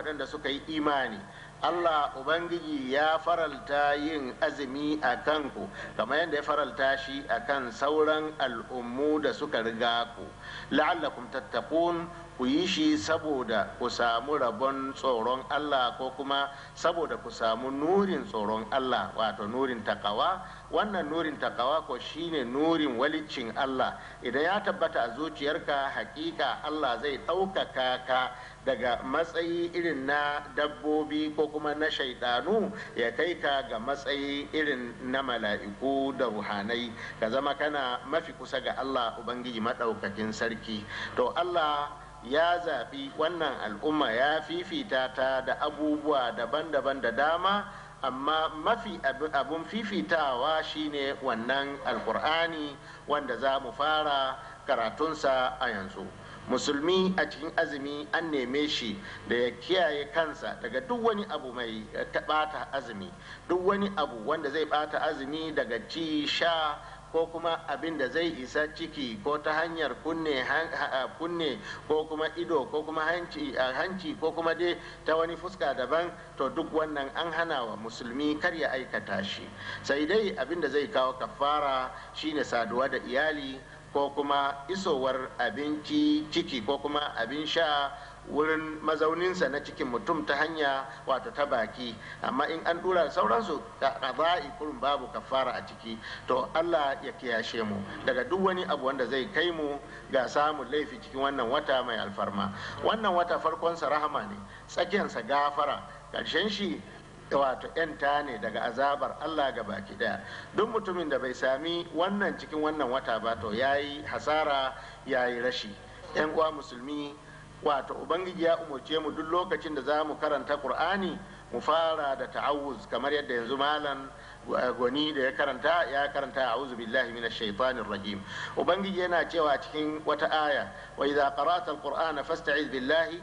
waɗanda suka yi imani Allah Ubangiji ya faralta yin azumi a kanku kamar yadda ya faralta shi a kan sauran al'ummu da suka riga ku la'allakum tattaqun ku yi shi saboda ku samu rabon tsoron Allah ko kuma saboda ku samu nurin tsoron Allah wato nurin takawa wannan nurin takawa ko shine nurin walicin Allah idan ya tabbata a zuciyarka hakika Allah zai ɗaukaka ka daga matsayi irin na dabbobi ko kuma na shaidanu ya kai ka ga matsayi irin na mala'iku da ruhanai ka zama kana mafi kusa ga Allah Ubangiji maɗaukakin sarki to Allah ya zaɓi wannan al'umma ya fifita ta da abubuwa daban-daban da dama amma mafi abin fifitawa shine wannan alkur'ani wanda za mu fara karatunsa a yanzu musulmi a cikin azumi an neme shi da ya kiyaye kansa daga duk wani abu mai bata azumi duk wani abu wanda zai bata azumi daga ci sha ko kuma abin da zai isa ciki ko ta hanyar kunne ko kuma ido ko kuma hanci ko kuma dai ta wani fuska daban to duk wannan an hana wa musulmi kar ya aikata shi sai dai abin da zai kawo kafara shine saduwa da iyali ko kuma isowar abinci ciki ko kuma abin sha wurin mazauninsa na cikin mutum ta hanya wato ta baki amma in an dura sauransu sauransu qada'i kurin babu kafara a ciki to Allah ya kiyashe mu daga duk wani abu wanda zai kai mu ga samun laifi cikin wannan wata mai alfarma wannan wata farkonsa rahama ne tsakiyarsa gafara ƙarshen shi wato yanta ne daga azabar Allah ga baki daya duk mutumin da bai sami wannan cikin wannan wata ba to yayi hasara yayi rashi yan uwa musulmi wato ubangiji ya umarce mu duk lokacin da za mu karanta qur'ani mu fara da ta'awuz kamar yadda yanzu malam eh, gwani da ya karanta ya karanta a'udhu billahi minash shaitanir rajim ubangiji yana cewa cikin wata aya wa idza qara'ta alqur'ana fasta'iz billahi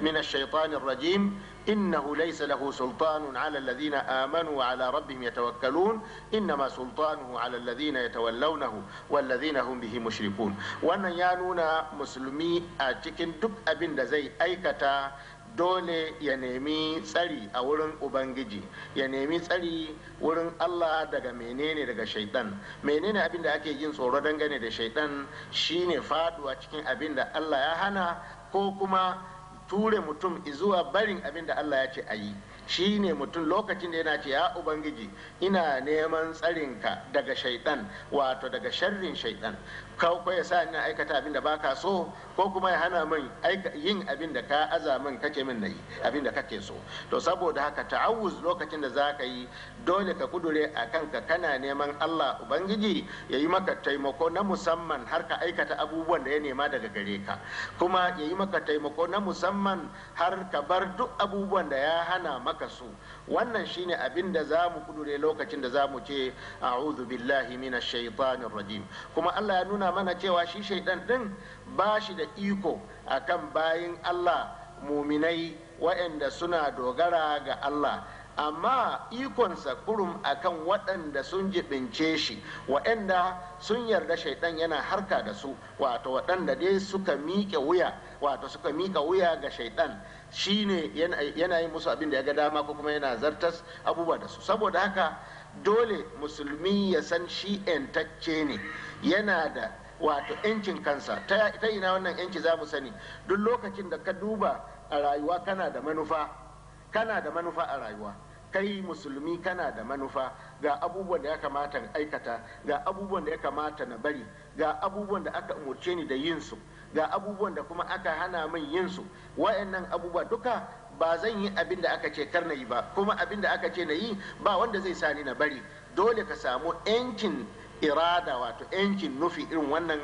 minash shaitanir rajim إنه ليس له سلطان على الذين آمنوا وعلى ربهم يتوكلون إنما سلطانه على الذين يتولونه والذين هم به مشركون وأن يانونا مسلمي أتكن دك أبن زي كتا dole ya nemi tsari a wurin ubangiji ya nemi tsari wurin allah daga menene daga shaidan menene abin da ake yin tsoro dangane da shaidan shine faduwa cikin abin da allah ya hana ko kuma ture mutum zuwa barin abin da Allah ya ce a yi shi ne mutum lokacin da yana ce ya ubangiji ina neman tsarinka daga shaidan wato daga sharrin shaidan ko ya sa ina aikata abin da ka so ko kuma ya hana min yin abin da ka aza min kake min na yi abin da kake so to saboda haka ta'awuz lokacin da za ka yi dole ka kudure a kanka kana neman Allah ubangiji ya yi maka taimako na musamman har ka aikata abubuwan da ya nema daga gare ka kuma ya yi maka taimako na musamman har ka bar duk abubuwan da ya hana maka maka su wannan shine abin da za mu kudure lokacin da za mu ce a'udhu billahi minash shaitanir rajim kuma Allah ya nuna mana cewa shi shaidan din ba shi da iko akan bayin Allah muminai waɗanda suna dogara ga Allah amma ikonsa kurum akan waɗanda sun jibince shi waɗanda sun yarda shaidan yana harka da su wato waɗanda dai suka miƙe wuya wato suka miƙa wuya ga shaidan shine yana yi musu abin da ya ga dama ko kuma yana zartas abubuwa da su saboda haka dole musulmi ya san shi yantacce ne yana da wato yancin kansa ta ina wannan yanci za mu sani duk lokacin da ka duba a rayuwa kana da manufa kana da manufa a rayuwa kai musulmi kana da manufa ga abubuwan da ya kamata na aikata ga abubuwan da ya kamata na bari ga abubuwan da aka umurce ni da yin su ga abubuwan da kuma aka hana min yin su wa'annan abubuwa duka ba zan yi abin da aka ce kar na yi ba kuma abin da aka ce na yi ba wanda zai sani na bari dole ka samu 'yancin irada wato yankin nufi irin wannan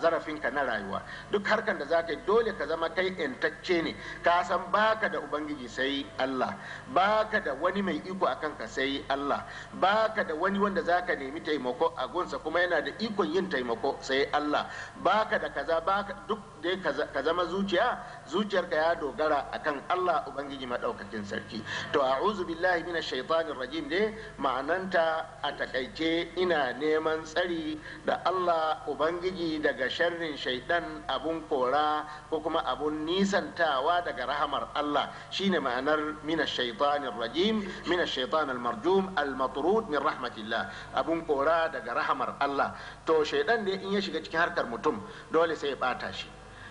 zarafin ka na rayuwa duk harkar da za ka yi dole ka zama kai yantacce ne ka san baka da ubangiji sai Allah baka da wani mai iko a kanka sai Allah baka da wani wanda za ka nemi taimako a gunsa kuma yana da ikon yin taimako sai Allah baka da kaza baka duk dai ka zama zuciya zuciyarka ya dogara akan Allah ubangiji madaukakin sarki to a'udhu billahi minash shaitanir rajim dai ma'ananta a takaice ina neman neman tsari da Allah Ubangiji daga sharrin shaidan abun kora ko kuma abun nisantawa daga rahamar Allah shine ma'anar mina shaitanin rajim mina shaitanin marjum al-matrud min rahmatillah abun kora daga rahamar Allah to shaidan ne in ya shiga cikin harkar mutum dole sai ya bata shi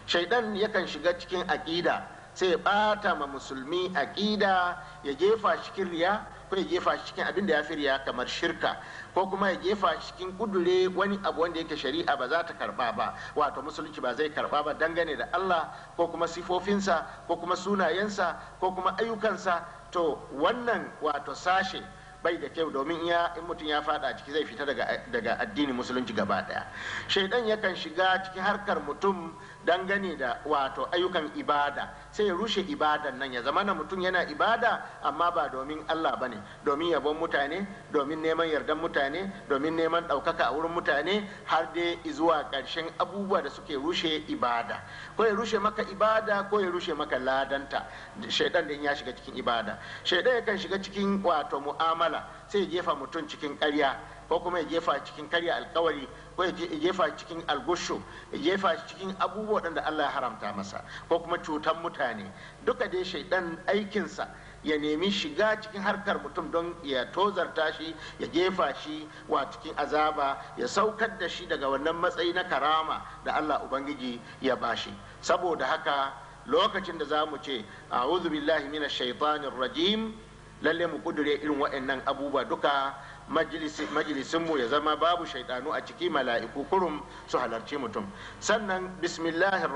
shaidan yakan shiga cikin akida sai ya bata ma musulmi aƙida ya jefa shi riya ko ya jefa cikin abin da ya firya kamar shirka ko kuma ya gefa cikin kudure wani abu wanda yake shari'a ba za ta karba ba wato musulunci ba zai karba ba dangane da Allah ko kuma sifofinsa ko kuma sunayensa ko kuma ayyukansa to wannan wato sashe bai da kyau domin ya in mutum ya fada ciki zai fita daga addini musulunci gaba daya shaidan yakan shiga cikin harkar mutum dangane da wato ayyukan ibada sai ya rushe ibadan nan ya zama na mutum yana ibada amma ba domin Allah bane domin yabon mutane domin neman yardan mutane domin neman ɗaukaka a wurin mutane har dai zuwa ƙarshen abubuwa da suke rushe ibada ko ya rushe maka ibada ko ya rushe maka ladanta shaidan da ya shiga cikin ibada shaidan kan shiga cikin wato mu'amala sai ya jefa mutum cikin ƙarya ko kuma ya jefa cikin karya alkawari ko ya jefa cikin algushu ya jefa cikin abubuwa da Allah ya haramta masa ko kuma cutan mutane duka dai shaidan aikinsa ya nemi shiga cikin harkar mutum don ya tozarta shi ya jefa shi wa cikin azaba ya saukar da shi daga wannan matsayi na karama da Allah Ubangiji ya bashi saboda haka lokacin da za mu ce a'udhu billahi minash shaitanir rajim lalle mu kudure irin waɗannan abubuwa duka majalisinmu ya zama babu shaidanu a ciki mala'iku kurum su halarci mutum sannan bismillahir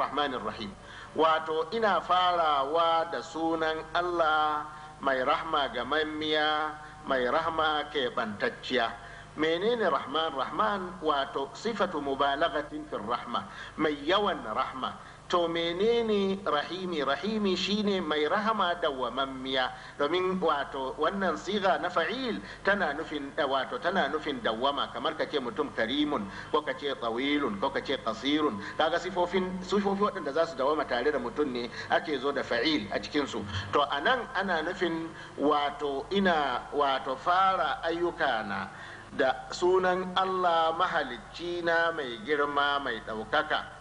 wato ina farawa da sunan allah mai rahma ga mammiya mai rahma ke menene rahman rahman wato sifatu mubalagatin fil rahma mai yawan rahma to menene rahimi rahimi shine mai rahama dawwamammiya domin wato wannan siga na fa'il tana nufin eh, wato tana nufin dawwama kamar kace mutum karimun ko kace tsawilun ko kace qasirun kaga sifofin sifofi waɗanda za su dawwama tare da mutum ne ake zo da fa'il a cikin su to anan ana nufin wato ina wato fara ayyuka na da sunan Allah mahalicci na mai girma mai ɗaukaka.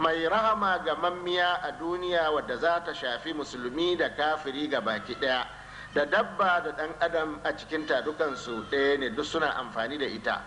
mai rahama ga mammiya a duniya wadda za ta shafi musulmi da kafiri ga baki ɗaya da dabba da ɗan adam a cikin dukansu ɗaya ne duk suna amfani da ita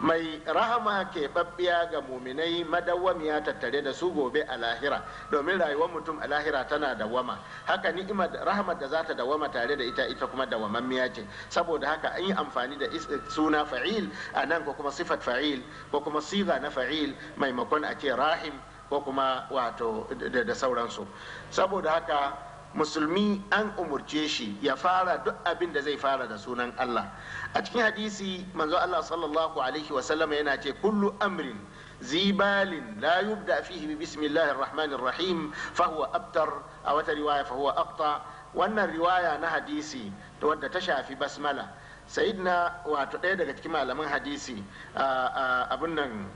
mai rahama ke babbiya ga muminai madawwamiya tattare da su gobe a lahira domin rayuwar mutum a lahira tana dawama haka ni'ima rahama da za ta dawama tare da ita ita kuma dawamammiya ce saboda haka an yi amfani da suna fa'il a nan ko kuma sifat fa'il ko kuma siga na fa'il maimakon a ce rahim ko kuma wato da sauransu saboda haka musulmi an umurce shi ya fara duk abin da zai fara da sunan Allah a cikin hadisi manzo Allah sallallahu alaihi wasallam yana ce kullu amrin zibalin la yubda fihi bismillahir rahmanir rahim fa huwa abtar a wata riwaya fa huwa aqta wannan riwaya na hadisi wadda ta shafi basmala sayyidina wato ɗaya daga cikin malaman hadisi abun nan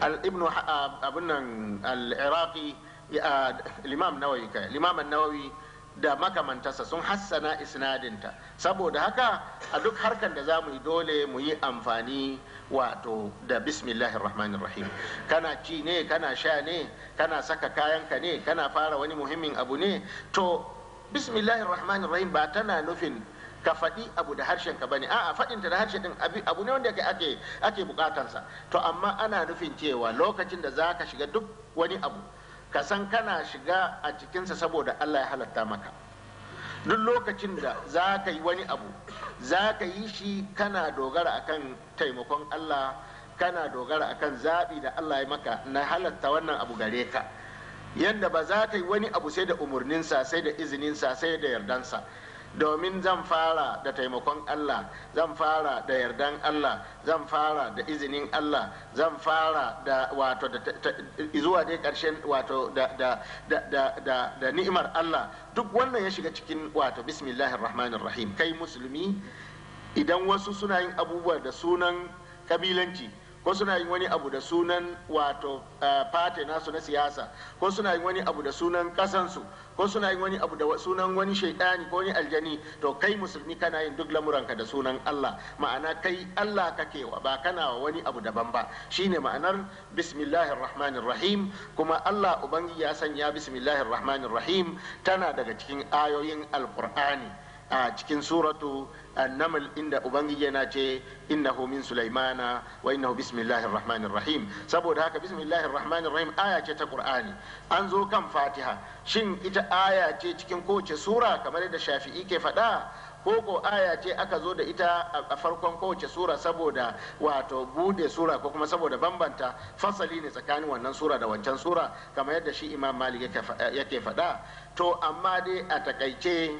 الابن ibnu ah, abin nan al-iraqi ah, nawawi da makamantarsa sun hassana isnadinta saboda haka a duk harkar da za mu yi dole mu yi amfani wato da bismillahir rahmanir rahim kana ci ne kana sha ne kana saka kayanka ne kana fara wani muhimmin abu ne to bismillahir rahmanir rahim ba tana nufin ka faɗi abu da harshen ka bane a'a faɗinta da harshe din abu ne wanda ake ake bukatansa to amma ana nufin cewa lokacin da za shiga duk wani abu ka san kana shiga a cikinsa saboda Allah ya halatta maka duk lokacin da za ka yi wani abu za ka yi shi kana dogara akan taimakon Allah kana dogara akan zaɓi da Allah ya maka na halatta wannan abu gare ka yadda ba za ka yi wani abu sai da umarninsa sai da izininsa sai da yardansa domin zan fara da taimakon Allah zan fara da yardan Allah zan fara da izinin Allah zan fara da wato da zuwa dai karshen wato da da da da da ni'imar Allah duk wannan ya shiga cikin wato bismillahir rahmanir rahim kai musulmi idan wasu suna yin abubuwa da sunan kabilanci ko suna yin wani abu da sunan wato fate eh, nasu na siyasa ko suna yin wani abu da sunan kasansu ko suna yin wani abu da sunan wani shaidani ko wani aljani to kai musulmi kana yin duk lamuranka da sunan Allah ma'ana kai Allah kake wa ba kana wa wani abu daban ba shine ma'anar bismillahir rahmanir kuma Allah ubangiji ya sanya bismillahir rahmanir tana daga cikin ayoyin alqur'ani a cikin suratu annamal inda ubangiji yana ce innahu min sulaimana wa innahu bismillahir rahmanir rahim saboda haka bismillahir rahmanir rahim aya ce ta qur'ani an zo kan fatiha shin ita aya ce cikin kowace sura kamar yadda shafi'i ke faɗa ko ko aya ce aka zo da ita a farkon kowace sura saboda wato bude sura ko kuma saboda bambanta fasali ne tsakanin wannan sura da wancan sura kamar yadda shi imam malik yake faɗa to amma dai a takaice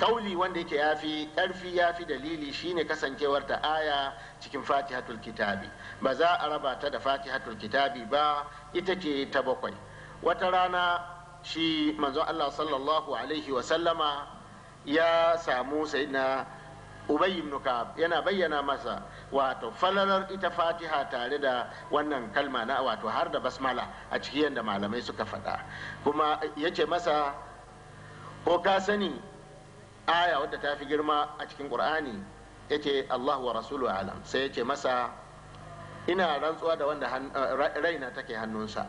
kauli wanda yake ya fi yafi ya fi dalili shine kasancewar ta aya cikin fatihatul kitabi ba za a raba ta da fatihatul kitabi ba ita ce ta bakwai wata rana shi manzo Allah sallallahu alaihi wa sallama ya samu sayyidina Ubay ibn Ka'ab yana bayyana masa wato falalar ita Fatiha tare da wannan kalma na wato har da basmala a cikin yadda malamai suka faɗa kuma yace masa ko ka sani aya wadda ta fi girma a cikin qur'ani yace Allah wa rasulu alam sai yace masa ina rantsuwa da wanda raina take hannunsa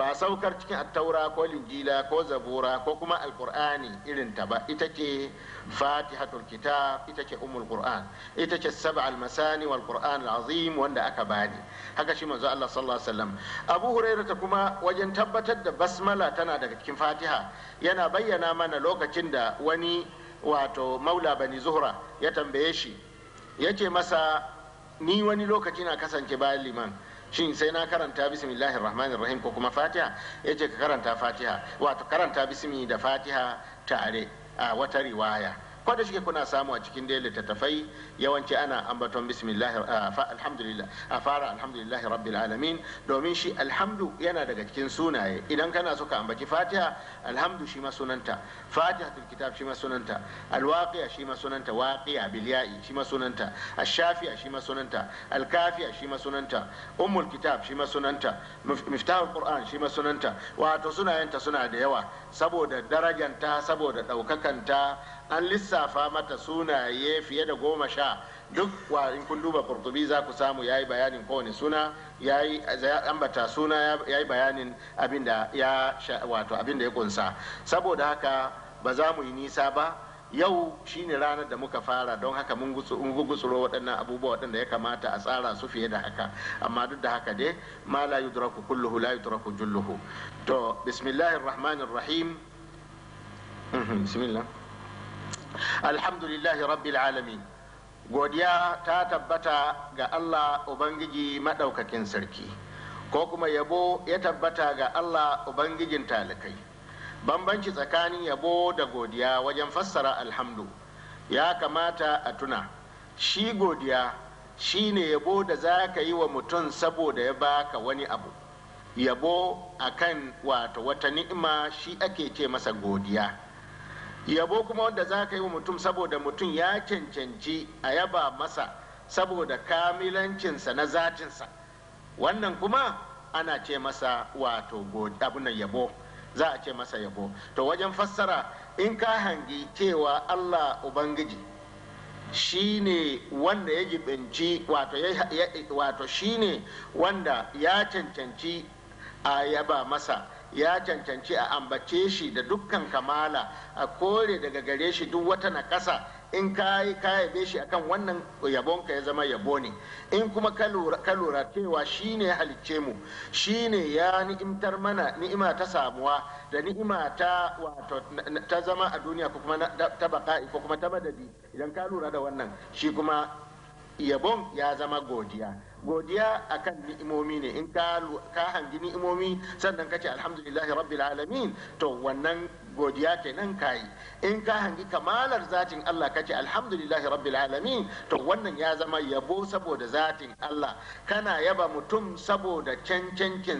ba saukar cikin attaura ko linjila ko zabura ko kuma alkur'ani irin ta ba ita ce fatihatul kitab ita ce umul qur'an ita ce sab'a almasani wal qur'an azim wanda aka bani haka shi manzo Allah sallallahu alaihi wasallam Abu Hurairah ta kuma wajen tabbatar da basmala tana daga cikin fatiha yana bayyana mana lokacin da wani wato maula bani zuhra ya tambaye shi yace masa ni wani lokaci na kasance bayan liman shin sai na karanta bismillahir rahmanir rahim ko kuma fatiha ya eh, ce ka karanta fatiha wato karanta bismi da fatiha tare a wata riwaya ko da kuna samu a cikin dai littattafai yawanci ana ambaton bismillah alhamdulillah a fara alhamdulillah rabbil alamin domin shi alhamdu yana daga cikin sunaye idan kana so ka ambaci fatiha alhamdu shi ma sunanta fatihatul kitab shi ma sunanta alwaqiya shi ma sunanta waqiya bil ya'i shi ma sunanta ashafiya shi ma sunanta alkafiya shi ma sunanta ummul kitab shi ma sunanta miftahul qur'an shi ma sunanta wato sunayenta suna da yawa saboda darajanta saboda daukakanta an lissa lissafa mata sunaye fiye da goma sha duk wa in kun duba kurtubi za ku samu ya yi bayanin kowane suna ya yi ambata suna ya yi bayanin abinda ya wato abinda ya kunsa saboda haka ba za mu yi nisa ba yau shine ranar da muka fara don haka mun gutsuro waɗannan abubuwa waɗanda ya kamata a tsara su fiye da haka amma duk da haka dai ma la yudraku kulluhu la yudraku julluhu to bismillahir rahmanir rahim mhm, bismillah alhamdulillahi rabbil alamin godiya ta tabbata ga Allah Ubangiji maɗaukakin sarki ko kuma yabo ya tabbata ga Allah Ubangijin talikai bambanci tsakanin yabo da godiya wajen fassara alhamdu ya kamata a tuna shi godiya shi ne yabo da za ka yi wa mutum saboda ya baka wani abu yabo akan wato wata ni'ima shi ake ce masa godiya yabo kuma wanda za ka yi wa mutum saboda mutum ya cancanci a yaba masa saboda kamilancinsa na zatinsa wannan kuma ana ce masa wato abunan yabo za a ce masa yabo to wajen fassara in ka hangi cewa allah ubangiji shi ne wanda ya jibinci wato shi ne wanda ya cancanci a yaba masa ya cancanci a ambace shi da dukkan kamala a kore daga gare shi duk wata na ƙasa in ka yi be shi akan wannan yabonka ya zama yabo ne in kuma ka lura cewa shi ne halicce mu shi ne ya ni'imtar mana ni'ima ta samuwa da ni'ima ta wato ta zama a duniya ko kuma ta baka'i ko kuma ta madadi idan ka lura da wannan shi kuma yabon ya zama godiya godiya akan ni'imomi ne in ka hangi ni'imomi sannan kace alhamdulillahi rabbil alamin to wannan godiya kenan kayi in ka hangi kamalar zatin Allah kace alhamdulillahi rabbil alamin to wannan ya zama yabo saboda zatin Allah kana yaba mutum saboda cancancin